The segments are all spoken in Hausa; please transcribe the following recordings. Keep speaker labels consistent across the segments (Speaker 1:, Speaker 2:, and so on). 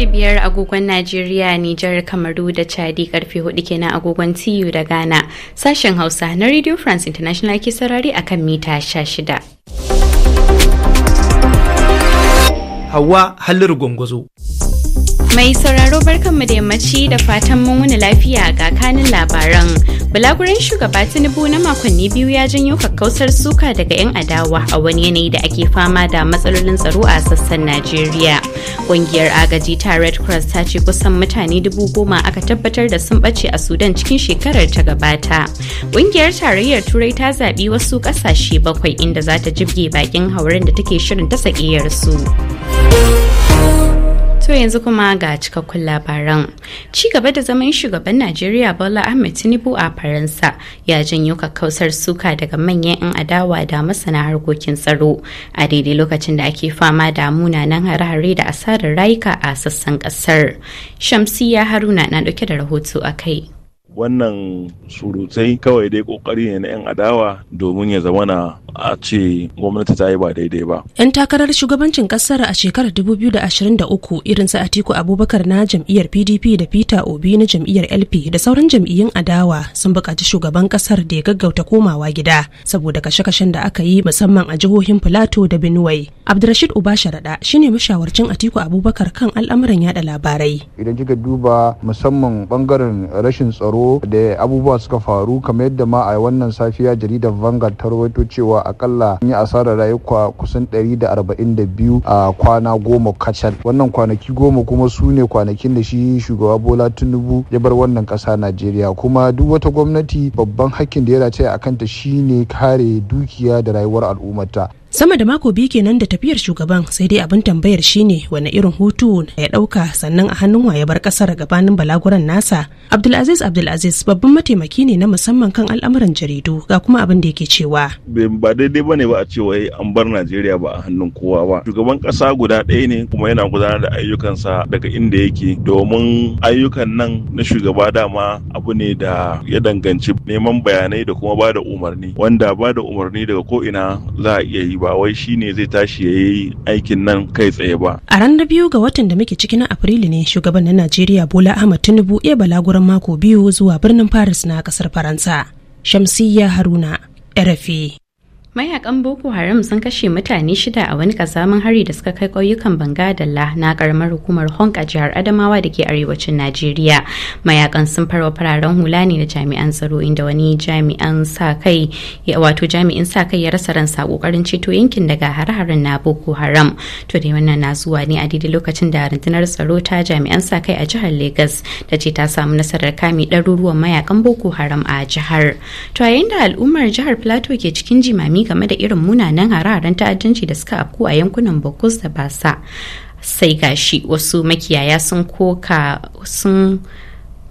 Speaker 1: karfe biyar agogon Najeriya, Nijar, Kamaru da Chadi karfe hudu kenan agogon TU da Ghana. Sashen Hausa na Radio France International ke sarari akan mita sha shida
Speaker 2: Hawa Halliru Gwangwazo.
Speaker 1: Mai sauraro mu da yammaci da fatan mun wani lafiya ga kanin labaran. Bulaguren shugaba Tinubu na makonni biyu ya janyo kakkausar suka daga 'yan adawa a wani yanayi da ake fama da matsalolin tsaro a sassan Najeriya. Ƙungiyar agaji ta Red Cross ta ce kusan mutane dubu goma aka tabbatar da sun ɓace a Sudan cikin shekarar ta gabata. Ƙungiyar tarayyar Turai ta zaɓi wasu ƙasashe bakwai inda za ta jibge bakin hauren da take shirin ta su. To yanzu kuma ga cikakkun labaran. Ci gaba da zaman shugaban Najeriya Bola Ahmed Tinubu a Faransa ya janyo kakkausar suka daga manyan 'yan adawa da masana harkokin tsaro a daidai lokacin da ake fama da munanan hare-hare da asarar rayuka a sassan kasar. Shamsiya Haruna na dauke da rahoto a kai.
Speaker 3: wannan surutai kawai dai kokari ne na 'yan adawa domin ya zamana a ce gwamnati ta yi ba daidai ba.
Speaker 4: 'Yan takarar shugabancin kasar a shekarar 2023 irin su Atiku Abubakar na jam'iyyar PDP da Peter Obi na jam'iyyar LP da sauran jam'iyyun adawa sun buƙaci shugaban kasar da ya gaggauta komawa gida saboda kashe-kashen da aka yi musamman a jihohin plateau da Benue. abdulrashid Uba Sharaɗa shine mashawarcin Atiku Abubakar kan al'amuran yaɗa labarai.
Speaker 5: Idan kika duba musamman bangaren rashin tsaro taro da abubuwa suka faru kamar yadda ma a wannan safiya jaridar Vanguard ta rawaito cewa akalla an yi asarar rayuka kusan 142 a kwana goma kacal. Wannan kwanaki goma kuma su ne kwanakin da shi shugaba Bola Tinubu ya bar wannan ƙasa Najeriya kuma duk wata gwamnati babban hakkin da ya dace a kanta shine kare dukiya da rayuwar al'ummata.
Speaker 4: sama da mako biyu kenan da tafiyar shugaban sai dai abin tambayar shine wani irin hutu ya dauka sannan a hannun waya bar kasar gabanin balaguran nasa abdulaziz abdulaziz babban mataimaki ne na musamman kan al'amuran jaridu ga kuma abin da yake cewa
Speaker 3: ba daidai bane ba a ce wai an bar najeriya ba a hannun kowa ba shugaban kasa guda ɗaya ne kuma yana gudanar da ayyukansa daga inda yake domin ayyukan nan na shugaba dama abu ne da ya danganci neman bayanai da kuma bada umarni wanda bada umarni daga ko ina za a iya yi ba ba wai ne zai tashi ya yi aikin nan kai tsaye ba.
Speaker 4: A ranar biyu ga watan da muke ciki na Afrilu ne shugaban na Najeriya Bola Ahmad Tinubu ya balaguran mako biyu zuwa birnin Paris na kasar Faransa. Shamsiyya Haruna, RFA.
Speaker 1: mayakan boko haram sun kashe mutane shida a wani kazamin hari da suka kai ƙauyukan banga da na karamar hukumar honk a jihar adamawa da ke arewacin najeriya mayakan sun farwa fararen hula ne da jami'an tsaro inda wani jami'an sa kai wato jami'in sa kai ya rasa ransa kokarin ceto yankin daga har harin na boko haram to dai wannan na zuwa ne a daidai lokacin da rundunar tsaro ta jami'an sa kai a jihar lagos ta ce ta samu nasarar kame ɗaruruwan mayakan boko haram a jihar to yayin da al'ummar jihar plateau ke cikin jimami rahotanni game da irin munanan hare ta'addanci da suka afku a yankunan Bokus da Basa. Sai gashi wasu makiyaya sun koka sun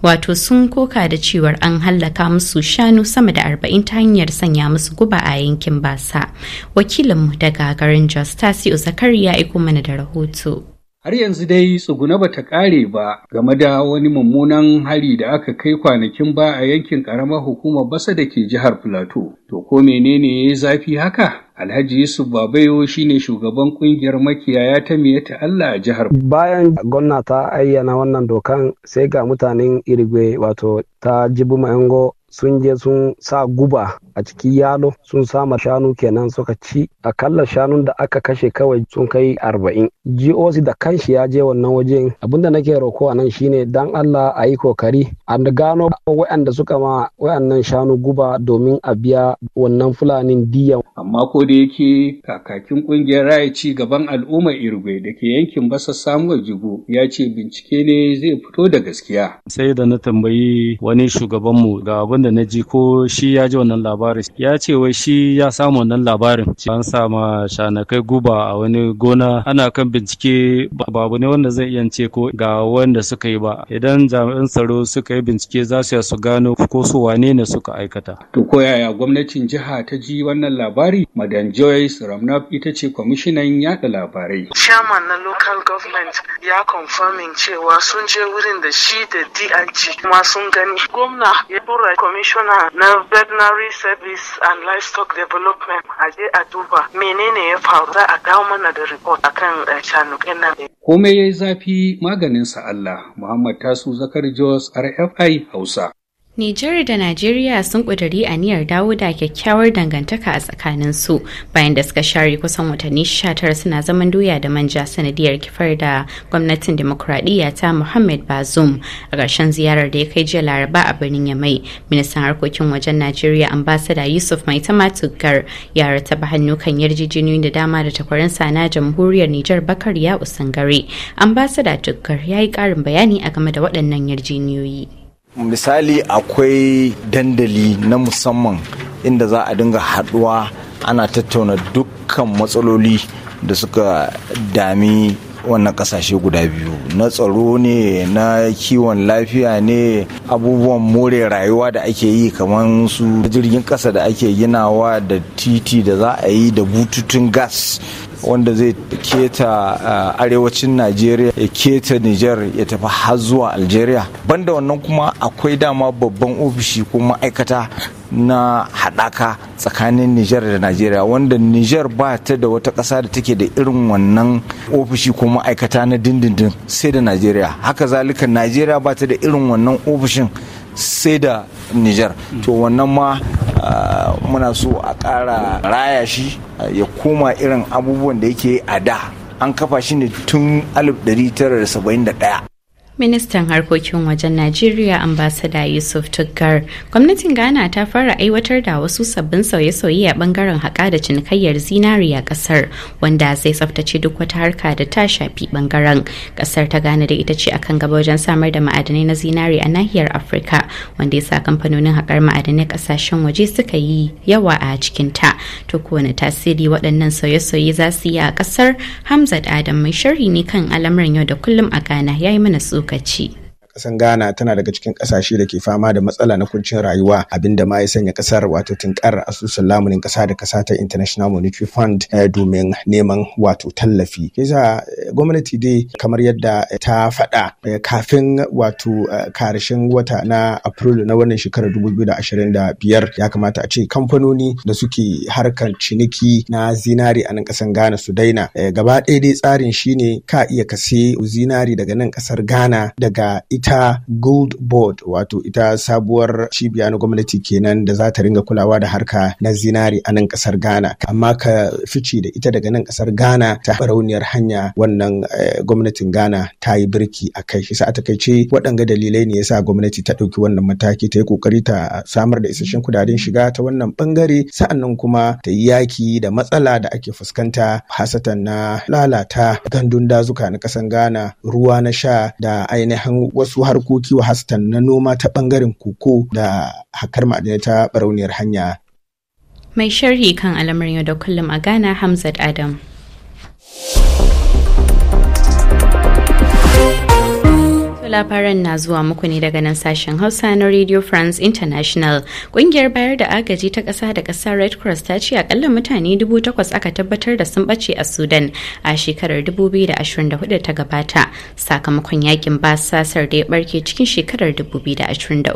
Speaker 1: wato sun koka da cewar an hallaka musu shanu sama da arba'in ta hanyar sanya musu guba a yankin basa wakilinmu daga garin jos tasiu zakari ya aiko mana da rahoto
Speaker 5: Har yanzu dai tsuguna ba ta ƙare ba game da wani mummunan hari da aka kai kwanakin ba a yankin ƙaramar hukumar basa da ke jihar Filato. To ko menene ya zafi haka? Alhaji Yusuf Babayo shine shugaban kungiyar makiyaya ta ta Allah a jihar.
Speaker 6: Bayan gwamna ta ayyana wannan dokan sai ga mutanen Irigwe wato ta jibi mayango sun je sun sa guba a cikin yalo sun sama shanu kenan suka ci akalla shanun da aka kashe kawai sun kai arba'in goc da kanshi ya je wannan wajen abinda nake roko a nan shine dan allah a yi kokari a gano waɗanda suka ma waɗannan shanu guba domin a biya wannan fulanin diya
Speaker 5: amma ko da yake kakakin kungiyar raya ci gaban al'ummar irgwe da ke yankin basa samuwar jigo ya ce bincike ne zai fito da gaskiya
Speaker 6: sai da na tambayi wani shugabanmu ga abin da na ji ko shi ya ji wannan labarin ya ce wai shi ya samu wannan labarin an sama shanakai guba a wani gona ana kan bincike babu ne wanda zai iya ce ko ga wanda suka yi ba idan jami'an tsaro suka yi bincike za su su gano ko su wane ne suka aikata
Speaker 5: to ko yaya gwamnatin jiha ta ji wannan labari Madam joyce Ramnap ita ce kwamishinan yada labarai chairman na local government ya confirming cewa sun
Speaker 6: je wurin da shi da dig kuma sun gani gwamna ya tura commissioner na veterinary service and livestock development a je a duba menene ya faru za
Speaker 1: a kawo mana da report akan shanukan eh, nan
Speaker 5: komai yayi zafi maganin sa Allah Muhammad Tasu Zakar Jos RFI Hausa
Speaker 1: Nijar da Najeriya sun ƙudiri aniyar dawo da kyakkyawar dangantaka a tsakanin su bayan da suka share kusan watanni 19 suna zaman doya da manja sanadiyar kifar da gwamnatin demokuraɗiyya ta Muhammad Bazoum a ƙarshen ziyarar da ya kai jiya Laraba a birnin Yamai. Ministan harkokin wajen Najeriya ambasada Yusuf Mai Tugar ya ba hannu kan yarjejeniyoyin da dama da takwarinsa na jamhuriyar Nijar Bakar ya Usangare. Ambasada Tugar ya yi ƙarin bayani a game da waɗannan yarjejeniyoyi.
Speaker 2: misali akwai dandali na musamman inda za a dinga haduwa ana tattauna dukkan matsaloli da suka dami wannan kasashe guda biyu na tsaro ne na kiwon lafiya ne abubuwan more rayuwa da ake yi kamar su jirgin kasa da ake ginawa da titi da za a yi da bututun gas wanda zai keta uh, arewacin najeriya ya keta niger ya tafi har zuwa algeria banda wannan kuma akwai dama babban ofishi ko ma'aikata na haɗaka tsakanin Nijar da Najeriya wanda Nijar ba ta da wata ƙasa da take da irin wannan ofishi ko ma'aikata na dindindin sai da Najeriya haka zalika Najeriya ba ta da irin wannan ofishin sai da Nijar to wannan ma muna so a ƙara raya shi ya koma irin abubuwan da yake a da an kafa shi ne tun 1971
Speaker 1: ministan harkokin wajen najeriya ambasada yusuf tukar gwamnatin ghana ta fara aiwatar da wasu sabbin sauye-sauye a bangaren haƙa da cinikayyar zinariya kasar wanda zai tsaftace duk wata harka da ta shafi bangaren kasar ta gane da ita ce akan gaba wajen samar da ma'adanai na zinari a nahiyar afirka wanda ya sa kamfanonin haƙar ma'adanai ƙasashen waje suka yi yawa a cikinta to kowane tasiri waɗannan sauye-sauye za su yi a ƙasar hamzat adam mai shari ne kan al'amuran yau da kullum a ghana ya yi mana tsoka lokaci
Speaker 7: kasan ghana tana daga cikin kasashe da ke fama da matsala na kuncin rayuwa abinda ma ya sanya kasar wato tinkar asusun lamunin kasa da kasa ta international monetary fund eh, domin neman wato tallafi Kisa eh, gwamnati dai kamar yadda eh, ta faɗa kafin wato karshen wata na april na wannan shekarar biyar, ya kamata a ce kamfanoni da suke harkar ciniki na zinari a nan kasan ghana su daina gaba ɗaya dai tsarin shine ka iya kase zinari daga nan kasar ghana daga ita ta Gold Board wato ita sabuwar cibiya na gwamnati kenan da za ta ringa kulawa da harka na zinari a nan kasar Ghana amma ka fice da ita daga nan kasar Ghana ta barauniyar hanya wannan eh, gwamnatin Ghana ta yi birki a kai shi sa ta waɗanga dalilai ne yasa gwamnati ta ɗauki wannan mataki ta yi ƙoƙari ta samar da isasshen kudaden shiga ta wannan ɓangare sa'annan kuma ta yi yaki da matsala da ake fuskanta hasatan na lalata gandun dazuka na ƙasan Ghana ruwa na sha da ainihin wasu wasu harkoki wa hastan na noma ta bangaren koko da hakar ma'adanai ta barauniyar hanya.
Speaker 1: Mai sharhi kan al'amarin yau da kullum a Ghana Hamzat Adam. labaran na zuwa muku ne daga nan sashen Hausa na Radio France International. Kungiyar bayar da agaji ta kasa da kasa Red Cross ta ce akalla mutane 8,000 aka tabbatar da sun ɓace a Sudan a shekarar 2024 ta gabata sakamakon yakin basasar da ya barke cikin shekarar 2023.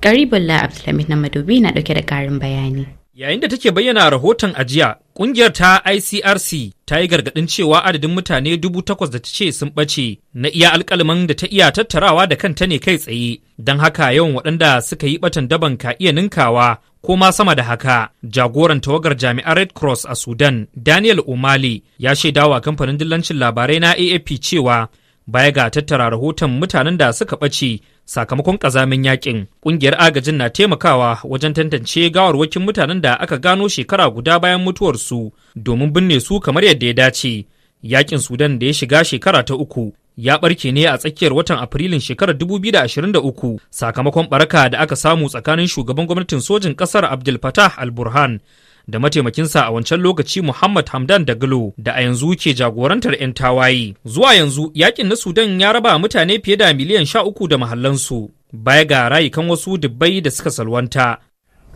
Speaker 1: Garibullah Abdulhamid na madubi na dauke da karin bayani.
Speaker 8: Yayin da take bayyana rahoton ajiya, ƙungiyar ta ICRC ta yi gargaɗin cewa adadin mutane dubu takwas da ta ce sun ɓace na iya alƙalman da ta iya tattarawa da kanta ne kai tsaye, don haka yawan waɗanda suka yi ɓatan daban ka iya ninkawa ko ma sama da haka. Jagoran tawagar jami'ar Red Cross a Sudan, Daniel O'Malley, ya shaidawa kamfanin dillancin labarai na AAP cewa baya ga tattara rahoton mutanen da suka ɓace sakamakon ƙazamin yakin ƙungiyar agajin na taimakawa wajen tantance gawarwakin mutanen da aka gano shekara guda bayan mutuwarsu domin binne su kamar yadda ya dace yakin sudan da ya shiga shekara ta uku ya barke ne a tsakiyar watan afrilun shekarar 2023 sakamakon ɓaraka da aka samu tsakanin shugaban gwamnatin sojin ƙasar abdul fatah al-burhan da mataimakinsa a wancan lokaci Muhammad Hamdan Dagalo da a yanzu ke jagorantar 'yan tawaye. Zuwa yanzu yakin na Sudan ya raba mutane fiye da miliyan sha uku da mahallansu. Baya ga rayukan wasu dubbai da suka salwanta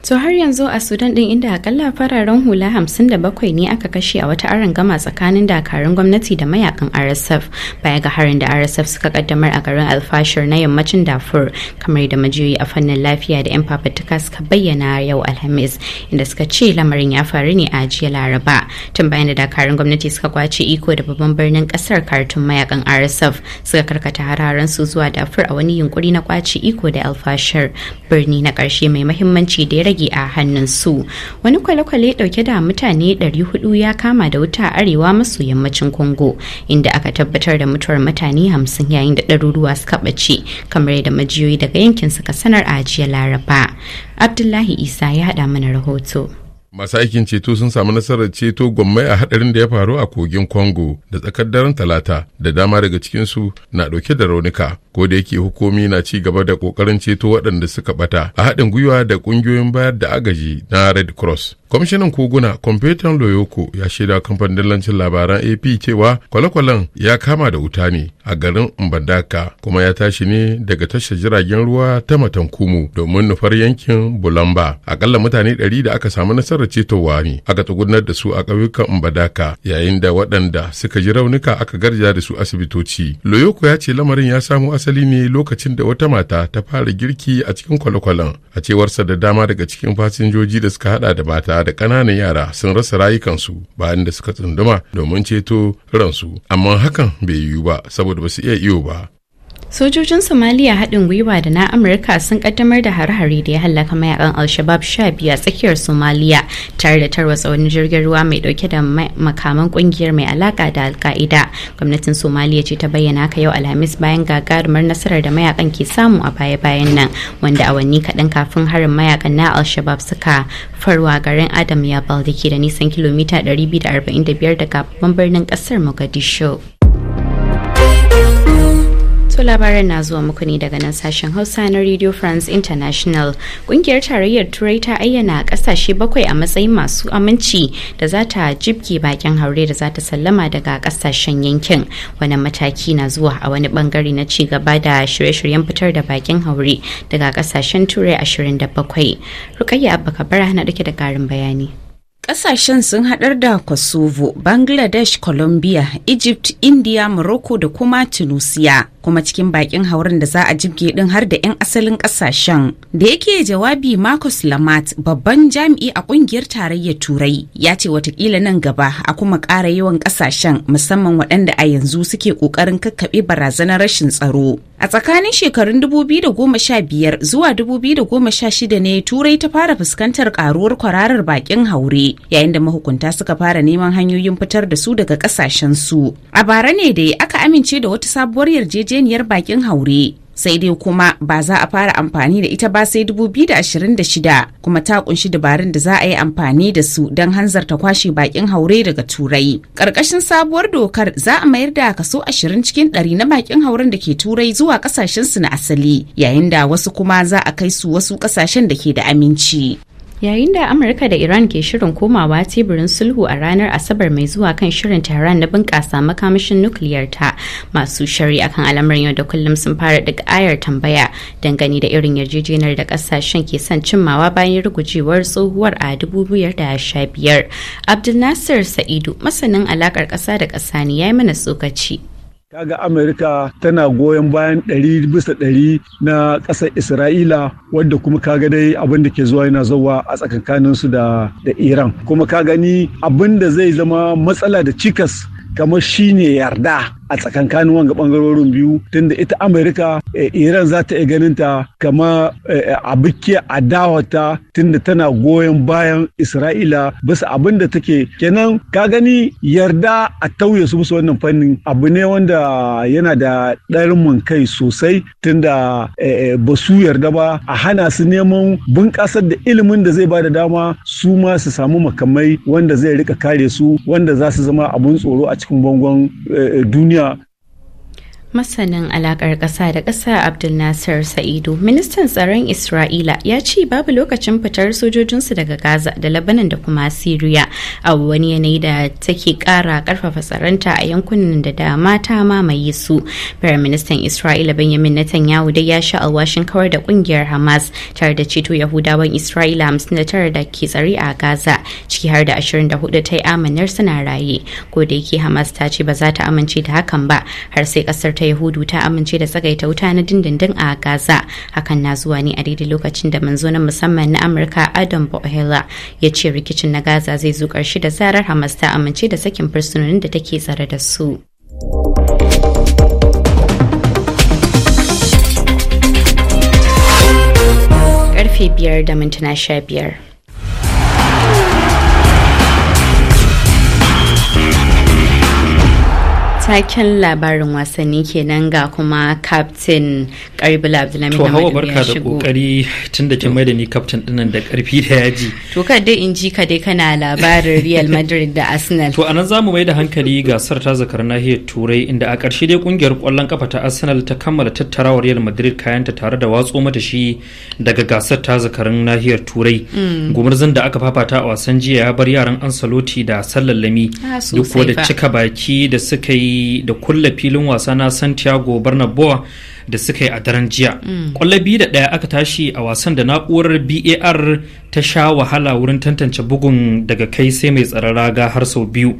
Speaker 1: To har yanzu a Sudan din inda akalla fararen hula 57 ne aka kashe a wata aron gama tsakanin dakarun gwamnati da mayakan RSF baya ga harin da RSF suka kaddamar a garin Alfashir na yammacin Darfur kamar da majiyoyi a fannin lafiya da 'yan fafutuka suka bayyana yau Alhamis inda suka ce lamarin ya faru ne a jiya Laraba tun bayan da dakarun gwamnati suka kwace iko da babban birnin kasar Khartoum mayakan RSF suka karkata hararen su zuwa Darfur a wani yunkuri na kwace iko da Alfashir birni na karshe mai muhimmanci da ya rage a hannunsu wani kwale-kwale dauke da mutane 400 ya kama da wuta a arewa maso yammacin congo inda aka tabbatar da mutuwar mutane 50 yayin da ɗaruruwa suka ɓace kamar yadda majiyoyi daga yankin suka sanar a jiya laraba abdullahi isa ya haɗa mana rahoto
Speaker 3: masu aikin ceto sun samu nasarar ceto gwammai a hadarin da ya faru a kogin congo da tsakar daren talata da dama daga cikinsu na dauke da raunuka ko da yake hukumi na ci gaba da kokarin ceto waɗanda suka bata a haɗin gwiwa da ƙungiyoyin bayar da agaji na red cross kwamishinan koguna kwamfetan loyoko ya shaida kamfanin dillancin labaran ap cewa kwale-kwalen ya kama da wuta ne a garin mbandaka kuma ya tashi ne daga tashar jiragen ruwa ta matankumu domin nufar yankin bulamba akalla mutane 100 da aka samu nasarar cetowa ne aka tsugunar da su a ƙauyukan mbandaka yayin da waɗanda suka ji raunuka aka garja da su asibitoci loyoko ya ce lamarin ya samo asali ne lokacin da wata mata ta fara girki a cikin kwale-kwalen a cewarsa da dama daga cikin fasinjoji da suka haɗa da mata da ƙananan yara sun rasa rayukansu bayan da suka tsunduma domin ceto ransu amma hakan bai yiwu ba saboda ba su iya iyo ba
Speaker 1: sojojin somaliya haɗin gwiwa da na amurka sun kaddamar da hare-hare da ya hallaka mayakan al-shabab sha biyu a tsakiyar somaliya tare da tarwatsa wani jirgin ruwa mai dauke da makaman kungiyar mai alaka da al-qaida gwamnatin somaliya ce ta bayyana ka yau alhamis bayan gagarumar nasarar da mayakan ke samu a baya-bayan nan wanda awanni kaɗan kafin harin mayakan na al-shabab suka farwa garin adam ya da ke da nisan kilomita 245 daga babban birnin ƙasar mogadishu to labarai na zuwa muku ne daga nan sashen Hausa na Radio France International. Kungiyar tarayyar Turai ta ayyana kasashe bakwai a matsayin masu aminci da za ta jibge bakin haure da za ta sallama daga kasashen yankin. wani mataki na zuwa a wani bangare na ci gaba da shirye-shiryen fitar da bakin haure daga kasashen Turai ashirin da bakwai Rukayya Abba Kabara na dake da karin bayani.
Speaker 4: Ƙasashen sun
Speaker 1: haɗar da Kosovo, Bangladesh,
Speaker 4: Colombia, Egypt, India, Morocco da kuma Tunisia. kuma cikin bakin hauren da za a jibge din har da 'yan asalin kasashen da yake jawabi marcus lamat babban jami'i a kungiyar tarayyar turai ya ce watakila nan gaba a kuma ƙara yawan kasashen musamman waɗanda a yanzu suke ƙoƙarin kakkaɓe barazanar rashin tsaro a tsakanin shekarun 2015 zuwa 2016 ne turai ta fara fuskantar karuwar kwararar bakin haure yayin da mahukunta suka fara neman hanyoyin fitar da su daga kasashen su a bara ne da aka amince da wata sabuwar yarjejeniya yarjejeniyar bakin haure sai dai kuma ba za a fara amfani da ita ba sai 2026 kuma ta kunshi dabarun da za a yi amfani da su don hanzarta kwashe bakin haure daga turai karkashin sabuwar dokar za a mayar da kaso 20 cikin 100 na bakin hauren da ke turai zuwa
Speaker 1: kasashen su na asali yayin da wasu kuma za a kai su wasu kasashen da ke da aminci yayin da amurka da iran ke shirin komawa teburin sulhu a ranar asabar mai zuwa kan shirin tehran na bunƙasa makamashin nukiliyar ta masu shari akan al'amarin yau da kullum sun fara daga ayar tambaya dangane da irin yarjejeniyar da kasashen ke son cimmawa bayan rugujewar tsohuwar a 2015 abdulnasir sa'idu masanin alaƙar ƙasa da ƙasa ne ya yi mana tsokaci
Speaker 7: kaga amerika tana goyon bayan ɗari bisa ɗari na ƙasar isra'ila wadda kuma kaga dai abin da ke zuwa yana zuwa a tsakankanin su da da iran kuma ka gani abin da zai zama matsala da cikas kamar shine yarda a tsakankanin wanga bangarorin biyu tunda ita amurka eh, iran za ta iya ganin ta kama eh, a biki adawata tunda tana goyon bayan isra'ila bisa abin da take kenan ka gani yarda a tauye su musu wannan fannin abu ne wanda yana da ɗarmin kai sosai tunda eh, ba su yarda ba a hana su neman bunƙasar da ilimin da zai ba da dama su ma su samu makamai wanda zai rika kare su wanda za su zama abin tsoro a cikin bangon duniya Yeah.
Speaker 1: masanin alakar ƙasa da ƙasa abdul nasir sa'idu ministan tsaron isra'ila ya ce babu lokacin fitar sojojinsu daga gaza da labanan da kuma syria a wani yanayi da take ƙara ƙarfafa tsaronta a yankunan da dama ta mamaye su ministan isra'ila benjamin netanyahu dai ya sha alwashin kawar da ƙungiyar hamas tare da ceto yahudawan isra'ila 59 da ke tsare a gaza ciki har da 24 ta yi amanar suna raye ko da yake hamas ta ce ba za ta amince da hakan ba har sai ƙasar ta yahudu ta amince da tsagaita wuta na dindindin a gaza hakan na zuwa ne a daidai lokacin da manzo na musamman na amurka adam bohela ya ce rikicin na gaza zai zo karshe da zarar hamas ta amince da sakin fursunonin da take tsare da su karfe biyar da mintuna sha biyar taken labarin wasanni kenan ga kuma captain karibul abdulhamid to hawa barka da kokari
Speaker 8: tun da kin maida ni captain dinnan da karfi da yaji
Speaker 1: to ka dai in ji ka dai kana labarin real madrid da arsenal to
Speaker 8: anan zamu mai da hankali gasar ta zakar nahiyar turai inda a karshe dai kungiyar kwallon kafa ta arsenal ta kammala tattarawa real madrid kayanta tare da watso mata shi daga gasar ta zakarin nahiyar turai mm. gumurzun da aka fafata a wasan jiya ya bar yaran ansaloti da sallallami ah, duk da cika baki da suka yi da kulle filin wasa na santiago bernabeu da suka yi a daren jiya mm. kwallo biyu da ɗaya aka tashi a wasan da na'urar bar ta sha wahala wurin tantance bugun daga kai sai mai tsaron raga har sau biyu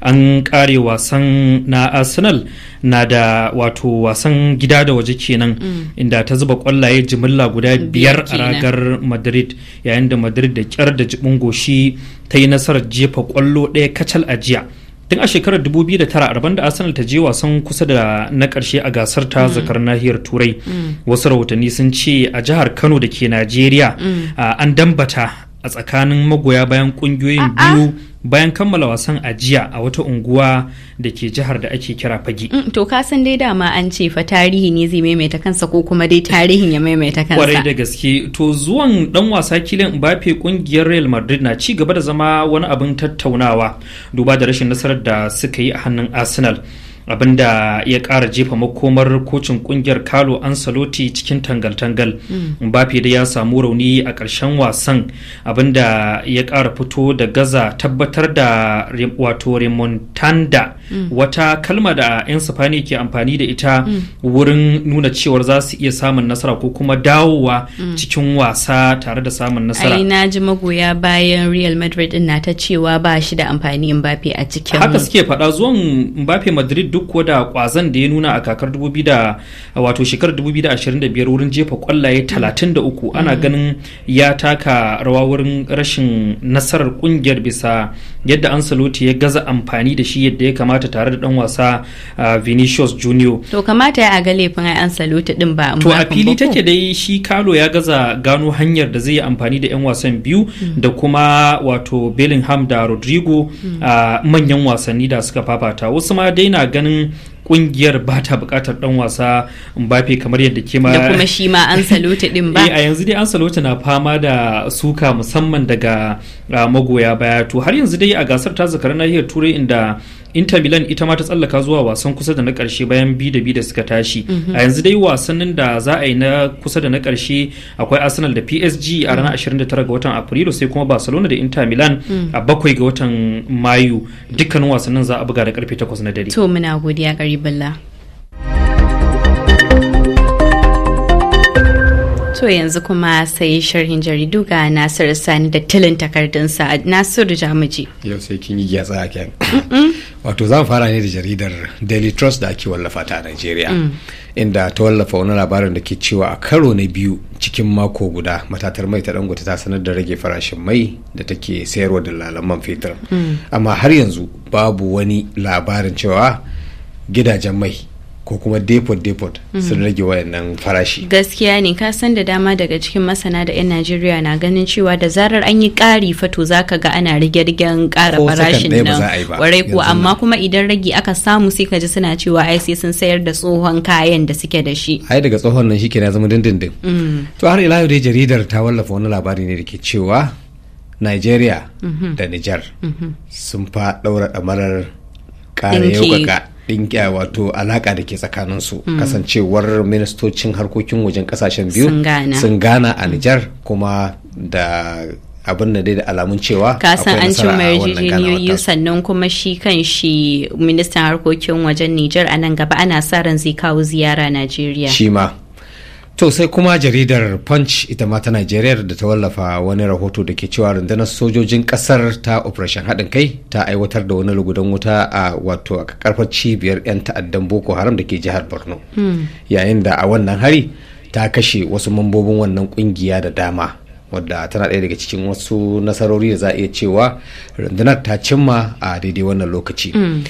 Speaker 8: an kare wasan na arsenal na da wato wasan gida da waje kenan mm. inda ta zuba kwallaye jimilla guda biyar a ragar madrid yayin da madrid da kyar da jibin goshi ta yi nasarar jefa kwallo ɗaya kacal a jiya tun a shekarar 2009 rabon da arsenal ta je wasan kusa da na karshe a gasar ta mm. zakar nahiyar turai mm. wasu rahotanni sun ce a jihar kano da ke najeriya mm. an dambata a tsakanin magoya bayan ƙungiyoyin biyu bayan kammala wasan ajiya a wata unguwa da ke jihar da ake kira fage. Mm,
Speaker 1: to ka san dai dama an ce fa tarihi ne zai maimaita kansa ko kuma dai tarihin ya maimaita kansa. Kwarai da
Speaker 8: gaske to zuwan dan wasa kilan Mbappe kungiyar Real Madrid na ci gaba da zama wani abin tattaunawa duba da rashin nasarar da suka yi a hannun Arsenal. abinda ya ƙara jefa makomar kocin kungiyar kalo ansaloti cikin tangal-tangal mm. mbappe da ya samu rauni a ƙarshen wasan abinda ya ƙara fito da gaza tabbatar da wato remontanda wata kalma da 'yan sifani ke amfani da ita wurin nuna cewar za su iya samun nasara ko kuma dawowa cikin wasa tare da samun nasara ai
Speaker 1: na ji magoya bayan real madrid din na ta cewa ba shi da amfani mbappe a cikin haka suke
Speaker 8: faɗa zuwan mbappe madrid duk da kwazan da ya nuna a kakar 2000 wato shekarar 2025 wurin jefa kwallaye 33 ana mm. ganin ya taka rawa wurin rashin nasarar kungiyar bisa yadda ansaloti ya gaza amfani da shi yadda ya kamata kamata tare da dan wasa Vinicius Junior
Speaker 1: to kamata ya ga laifin ai an salute din ba to a fili
Speaker 8: take dai shi Kalo ya gaza gano hanyar da zai yi amfani da yan wasan biyu mm. da kuma wato Bellingham da Rodrigo mm. manyan wasanni da suka fafata wasu ma daina ganin kungiyar ba ta bukatar dan wasa Mbappe kamar yadda ke ma da kuma
Speaker 1: shi ma an Ancelotti din ba eh,
Speaker 8: a yanzu dai an Ancelotti na fama da suka musamman daga magoya baya to har yanzu dai a gasar ta zakarar nahiyar Turai inda inter milan ita ma ta tsallaka zuwa wasan kusa da na karshe bayan bi da bi da suka tashi mhm. a yanzu dai wasannin da za a yi na kusa da na karshe akwai arsenal da psg a ranar 29 mhm. ga watan afrilu sai kuma barcelona da inter milan mhm. a bakwai ga watan mayu dukkanin wasannin za a buga da karfe 8 na dare to
Speaker 1: muna godiya gariballa To yanzu kuma sai sharhin jaridu ga Nasiru Sani da tilin takardunsa a Nasiru Jamuji.
Speaker 9: Yau sai kin yi gyatsa a kyan. Wato zan fara ne da jaridar Daily Trust da ake wallafa ta a Najeriya. Mm. Inda ta wallafa wani labarin da ke cewa a karo na biyu cikin mako guda matatar mai ta dangote ta sanar da rage farashin mai da take sayarwa da man fetur. Mm. Amma har yanzu babu wani labarin cewa gidajen mai ko kuma depot depot sun mhm. rage wayannan farashi
Speaker 1: gaskiya ne ka san da dama daga cikin masana da 'yan najeriya na ganin cewa da zarar an yi ƙari fato zaka ga ana rige rigen kara farashin nan warai ko amma kuma idan rage aka samu sai ka ji suna cewa ai sai sun sayar da tsohon kayan da suke da shi
Speaker 9: ai daga tsohon nan shike na zama dindindin mm. to har ila dai jaridar ta wallafa wani labari ne da ke cewa Nigeria mhm. da Niger mhm. sun fa daura ɗamarar
Speaker 4: ƙara yau
Speaker 9: dinkiya eh, wato alaka da ke tsakanin su mm. kasancewar ministocin harkokin wajen kasashen biyu sun gana a Nijar kuma da abin da dai da alamun cewa ka san an ci yarjejeniyoyi
Speaker 1: sannan kuma shi kan shi ministan harkokin wajen Nijar a nan gaba ana sa ran zai kawo ziyara Najeriya shi
Speaker 9: ma To sai kuma jaridar Punch ita ma ta nigeria da ta wallafa wani rahoto da ke cewa rundunar sojojin kasar ta Operation haɗin kai ta aiwatar da wani lugudan wuta a wato a karfar cibiyar 'yan ta'addan Boko Haram da ke jihar Borno. Hmm. Yayin da a wannan hari ta kashe wasu mambobin wannan kungiya da dama wadda tana ɗaya daga cikin wasu nasarori da za a iya cewa rundunar ta cimma a daidai wannan lokaci. Hmm.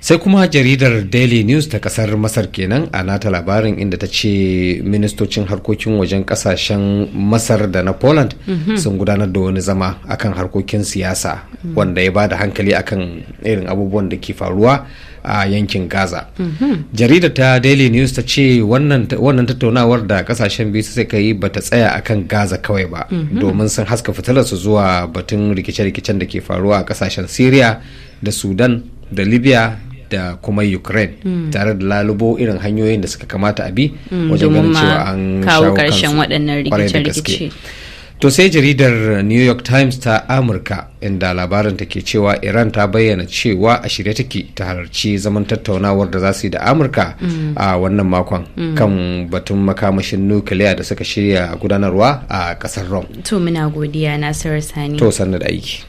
Speaker 9: sai kuma jaridar daily news ta kasar masar kenan a nata labarin inda ta ce ministocin harkokin wajen kasashen masar da na poland mhm. sun gudanar da wani zama akan harkokin siyasa mhm. wanda ya ba da hankali akan irin abubuwan da ke faruwa a yankin gaza mhm. jaridar ta daily news ta ce wannan tattaunawar da kasashen biyu kai yi bata tsaya akan gaza kawai ba domin sun haska su zuwa batun rikice-rikicen da ke faruwa a kasashen syria da sudan da libya da kuma ukraine hmm. tare da lalubo irin hanyoyin da suka kamata a bi hmm, wajen ganin cewa an kawo karshen waɗannan rikice-rikice to sai jaridar new york times ta amurka inda labarin ta ke cewa iran ta bayyana cewa a shirye take ta halarci zaman tattaunawar da za su yi da amurka hmm. a wannan makon kan batun makamashin nukiliya da suka shirya gudanarwa a kasar rom
Speaker 1: to muna godiya nasarar sani to
Speaker 9: sannu da aiki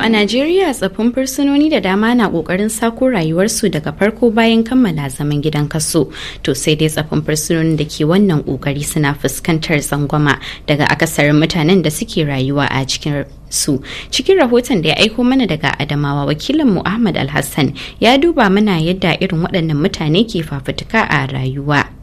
Speaker 1: a Najeriya tsafin fursunoni da dama na kokarin sako rayuwarsu daga farko bayan kammala zaman gidan kaso. To sai dai tsafin fursunonin da ke wannan kokari suna fuskantar tsangwama daga akasarin mutanen da suke rayuwa a cikin su cikin rahoton da ya aiko mana daga adamawa wakilin muhammad alhassan ya duba mana yadda irin waɗannan mutane ke fafutuka a rayuwa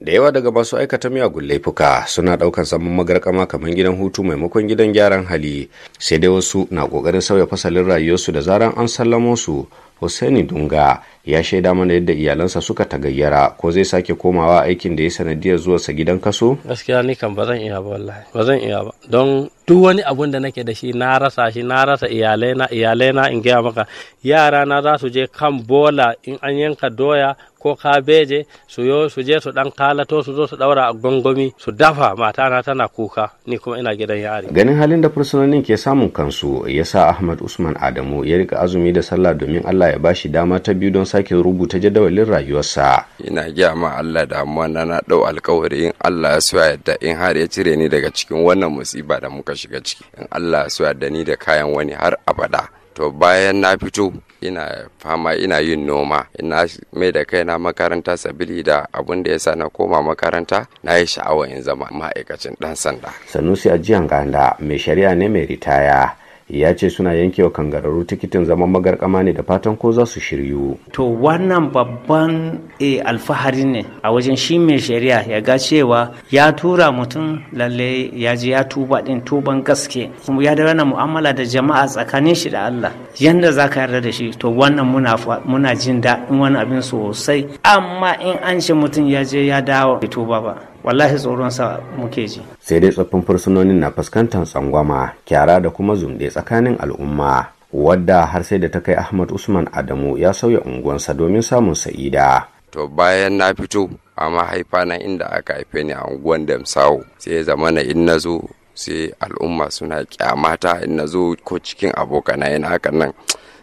Speaker 6: da yawa daga masu aikata miyagun laifuka suna daukan saman magarkama kamar gidan hutu maimakon gidan gyaran hali sai dai wasu na kokarin sauya fasalin rayuwarsu da zaran an sallamo su Hussaini Dunga ya shaida mana yadda iyalansa suka tagayyara ko zai sake komawa aikin da ya sanadiyar zuwarsa gidan kaso gaskiya ni kan ba iya ba wallahi ba iya ba don duk wani abun da nake da shi na rasa shi na rasa iyalai na in gaya maka yara na za su je kan bola in an yanka doya ko kabeje su yo su je su dan kalato su zo su daura a gongomi su dafa mata na tana kuka ni kuma ina gidan yari ganin halin da fursunonin ke samun kansu yasa Ahmad Usman Adamu ya rika azumi da sallah domin Allah ya bashi dama ta biyu don sa sake rubuta jadawalin rayuwarsa ina giya ma Allah da amma na na dau alkawari in Allah ya so yadda in har ya cire ni daga cikin wannan musiba da muka shiga ciki in Allah ya so ni da kayan wani har abada to bayan na fito ina fama ina yin noma ina mai da kaina makaranta sabili da abin da ya sa na koma makaranta na yi sha'awa in zama ma'aikacin ɗan sanda sanusi a jiyan ganda mai shari'a ne mai ritaya ya ce suna yankewa kangararru tikitin zaman magarkama ne da fatan ko za su shiryu. To wannan babban e, alfahari ne a wajen shi mai shari'a ya ga cewa ya tura mutum lalle ya ji ya tuba din tuban gaske kuma ya dawo mu'amala da jama'a tsakanin shi da Allah yanda za ka yarda da shi to wannan muna muna jin daɗin wani abin sosai amma in an ce mutum ya je ya dawo bai tuba ba wallahi tsoron sa muke ji sai dai tsoffin fursunonin na fuskantar tsangwama kyara da kuma zumɗe tsakanin al'umma wadda har sai da ta kai ahmad usman adamu ya sauya unguwansa domin samun sa'ida to bayan na fito a mahaifa na inda aka haife ni a unguwan damsawo sai ya zama na in na zo sai al'umma suna kyamata in na zo ko cikin abokana yana hakan nan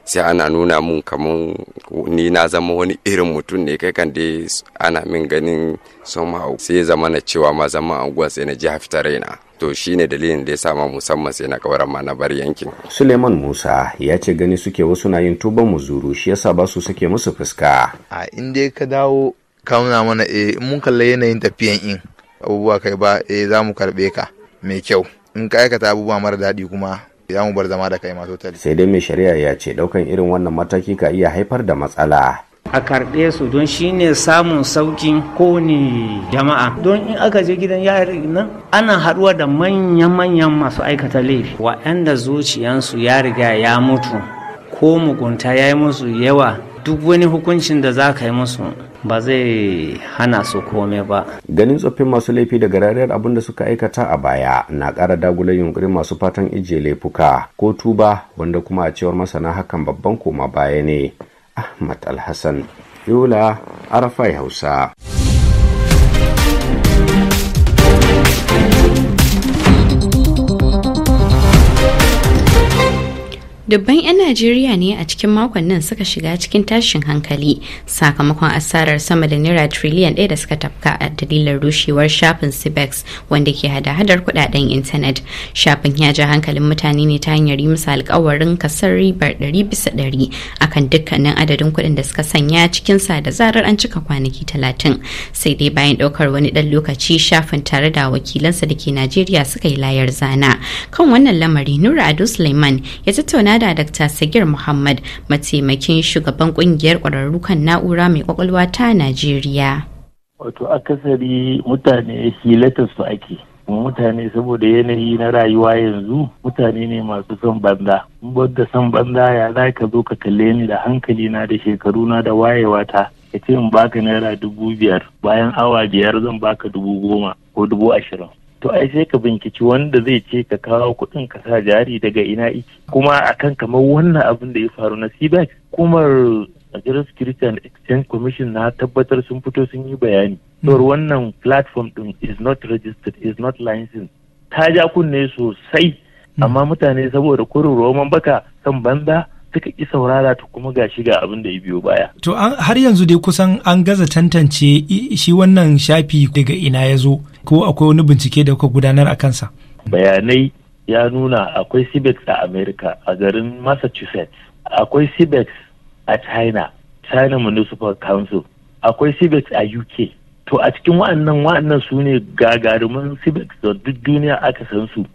Speaker 6: sai ana nuna mun kamar ni na zama wani irin mutum ne kai kan dai ana min ganin somehow sai zama na cewa ma zama anguwa sai na ji hafita raina to shi ne dalilin da ya sa musamman sai na kawar ma na bar yankin Suleiman Musa ya ce gani suke wasu na yin tuban muzuru shi yasa ba su suke musu fuska
Speaker 7: a in ka dawo ka nuna mana eh mun kalla yanayin tafiyan in abubuwa kai ba e za mu karbe ka mai kyau in ka aikata abubuwa mara daɗi kuma ya mu bar zama da kai ma totally sai
Speaker 6: dai mai shari'a ya ce daukan irin wannan mataki ka iya haifar da matsala a karɓe su don shine samun saukin kowane jama'a don in aka je gidan yari nan ana haɗuwa da manya-manyan masu aikata laifi wa'anda zuciyansu ya riga ya mutu ko mugunta ya yi musu yawa duk wani hukuncin da za ka yi musu ba zai hana su komai ba ganin tsoffin masu laifi daga rariyar abin da suka aikata a baya na ƙara dagula yunkurin masu fatan ijiye laifuka ko tuba wanda kuma a cewar masana hakan babban koma baya ne ahmad alhassan yola arafai hausa
Speaker 1: dubban 'yan najeriya ne a cikin makon nan suka shiga cikin tashin hankali sakamakon asarar sama da naira triliyan ɗaya da suka tafka a dalilin rushewar shafin sibex wanda ke hada-hadar kudaden intanet shafin ya ja hankalin mutane ne ta hanyar yi musu alkawarin kasar ribar ɗari bisa ɗari akan dukkanin adadin kuɗin da suka sanya cikin sa da zarar an cika kwanaki talatin sai dai bayan ɗaukar wani ɗan lokaci shafin tare da wakilansa da ke najeriya suka yi layar zana kan wannan lamari nura ado suleiman ya tattauna da Dr. Sagir Muhammad mataimakin shugaban kungiyar ƙwararru kan na'ura mai kwakwalwa ta Najeriya.
Speaker 10: Wato akasari mutane hilatar su ake. mutane saboda yanayi na rayuwa yanzu mutane ne masu son banza da son banza ya za ka zo ka kalle ni da hankali na da shekaru na da wayewata ka ce in baka naira dubu biyar bayan awa biyar zan baka dubu goma ko dubu ashirin to ai sai ka binciki wanda zai ce ka kawo kuɗin ka sa jari daga ina iki kuma akan kamar wannan abin da ya faru na cbac kuma Nigerian Security and Exchange Commission na tabbatar sun fito sun yi bayani. Tor hmm. wannan platform din is not registered, is not licensed. Ta ja kunne sosai, hmm. amma mutane saboda kurin roman baka kan banza suka ƙi saurara ta kuma ga shiga abin da ya biyo baya.
Speaker 2: To har yanzu dai kusan an gaza tantance shi wannan shafi daga ina ya zo. ko akwai wani bincike da kuka gudanar a kansa
Speaker 10: bayanai ya nuna akwai cibex a Amerika a garin massachusetts akwai cibex a china china municipal council akwai cibex a uk to a cikin wa'annan wa'annan su ne gagarumin cibex da duk duniya aka san su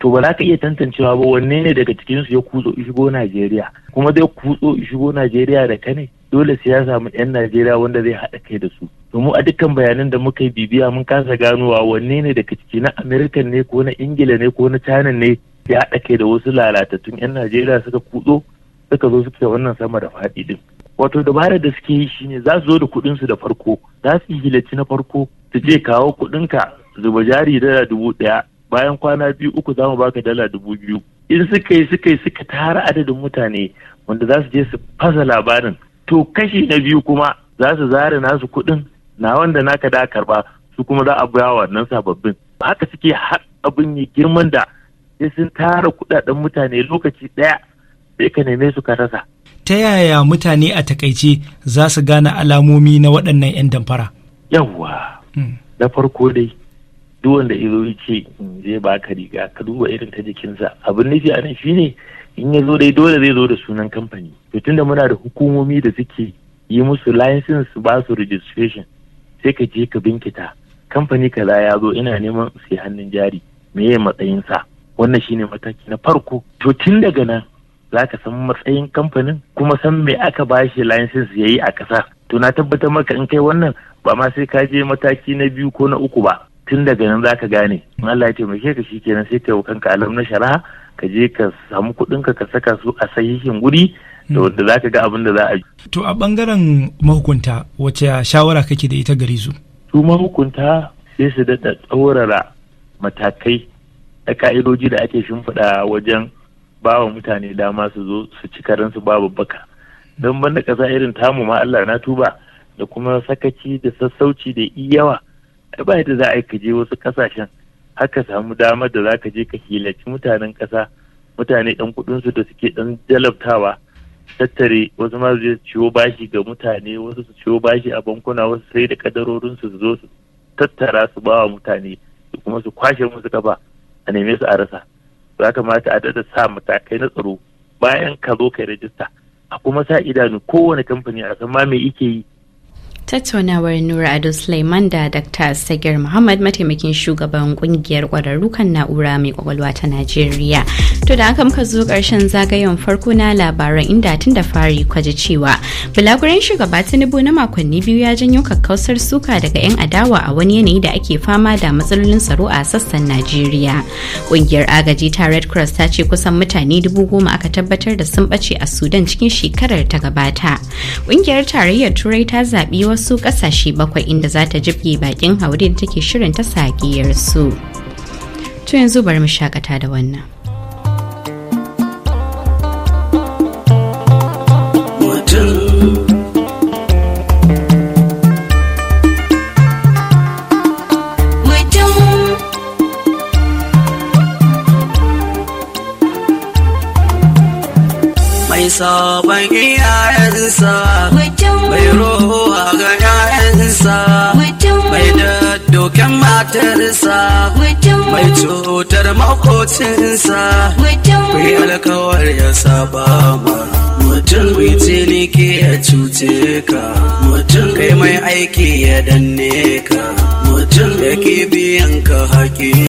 Speaker 10: to ba za ka iya tantancewa ba wanne ne daga cikin su ya kutso shigo Najeriya kuma zai kutso shigo Najeriya da kane dole sai ya samu 'yan Najeriya wanda zai haɗa kai da su mu a dukkan bayanan da muka yi bibiya mun kasa ganowa wanne ne daga ciki na American ne ko na Ingila ne ko na China ne ya haɗa kai da wasu lalatattun 'yan Najeriya suka kutso suka zo suke wannan sama da faɗi din wato dabarar da suke yi shine za su zo da kuɗin su da farko za su yi na farko su je kawo kuɗinka zuba jari dala dubu ɗaya bayan kwana biyu uku za mu baka dala dubu biyu in suka yi suka yi suka tara adadin mutane wanda za su je su fasa labarin to kashi na biyu kuma za su zare nasu kuɗin na wanda naka da karba su kuma za a biya wannan sababbin haka suke har abin yi girman da sai sun tara kuɗaɗen mutane lokaci ɗaya sai ka neme su ka rasa
Speaker 2: ta yaya mutane a takaice za su gane alamomi na waɗannan 'yan damfara
Speaker 10: yawwa hmm. na farko dai duk wanda ya zo ya ce zai zai baka riga ka duba irin ta jikinsa abin nufi a nan
Speaker 2: shine in ya zo
Speaker 10: dai dole zai zo da sunan kamfani to tunda muna da hukumomi da suke yi musu license ba su registration sai ka je ka binkita kamfani kaza ya zo ina neman sai hannun jari me ya matsayinsa wannan shine mataki na farko to tun daga nan za ka san matsayin kamfanin kuma san me aka ba shi license ya yi a ƙasa to na tabbatar maka in kai wannan ba ma sai ka je mataki na biyu ko na uku ba tun daga nan za ka gane in Allah ya taimake ka shikenan sai ka kanka ka na shara ka je ka samu kuɗin ka saka su a sahihin guri da hmm. wanda za ka ga abin da za a
Speaker 2: to a bangaren mahukunta wace shawara kake da ita gari su su mahukunta
Speaker 10: sai su daɗa tsaurara matakai da ka'idoji da ake shimfiɗa wajen bawa mutane dama su zo su ci karansu babu baka don banda ƙasa irin tamu ma Allah na tuba da kuma sakaci da sassauci da iyawa ba yadda za a yi ka je wasu kasashen haka samu damar da za ka je ka hilaci mutanen ƙasa mutane ɗan kuɗinsu da suke ɗan jalabtawa tattare wasu ma su ciwo bashi ga mutane wasu su ciwo bashi a bankuna wasu sai da kadarorin su zo su tattara su bawa mutane su kuma su kwashe musu kafa a neme su a rasa Za ka ma a dada sa matakai na tsaro bayan ka zo kai rajista a kuma sa idanu kowane kamfani a san ma me yake yi
Speaker 1: tattaunawar nura ado suleiman da dr sagir muhammad mataimakin shugaban kungiyar kwararru kan na'ura mai kwakwalwa ta najeriya to da aka muka zo karshen zagayen farko na labaran inda tun da fari kwaji cewa bulaguren shugaba tinubu na makonni biyu ya janyo kakkausar suka daga yan adawa a wani yanayi da ake fama da matsalolin tsaro a sassan najeriya kungiyar agaji ta red cross ta ce kusan mutane dubu goma aka tabbatar da sun bace a sudan cikin shekarar ta gabata kungiyar tarayyar turai ta zaɓi wasu wasu kasashe bakwai inda za ta jibge bakin haure da take shirin ta sagiyar su to yanzu bari mu shakata da wannan
Speaker 4: mai sabon iyayensa mai rowa ga 'ya'yansa
Speaker 1: mai da doken matarsa mai cutar makocinsa mai
Speaker 2: alkawar ya
Speaker 1: saba ma mutum mai ciniki ya cuce ka mutum kai mai aiki ya danne ka mutum da ke biyan ka haƙi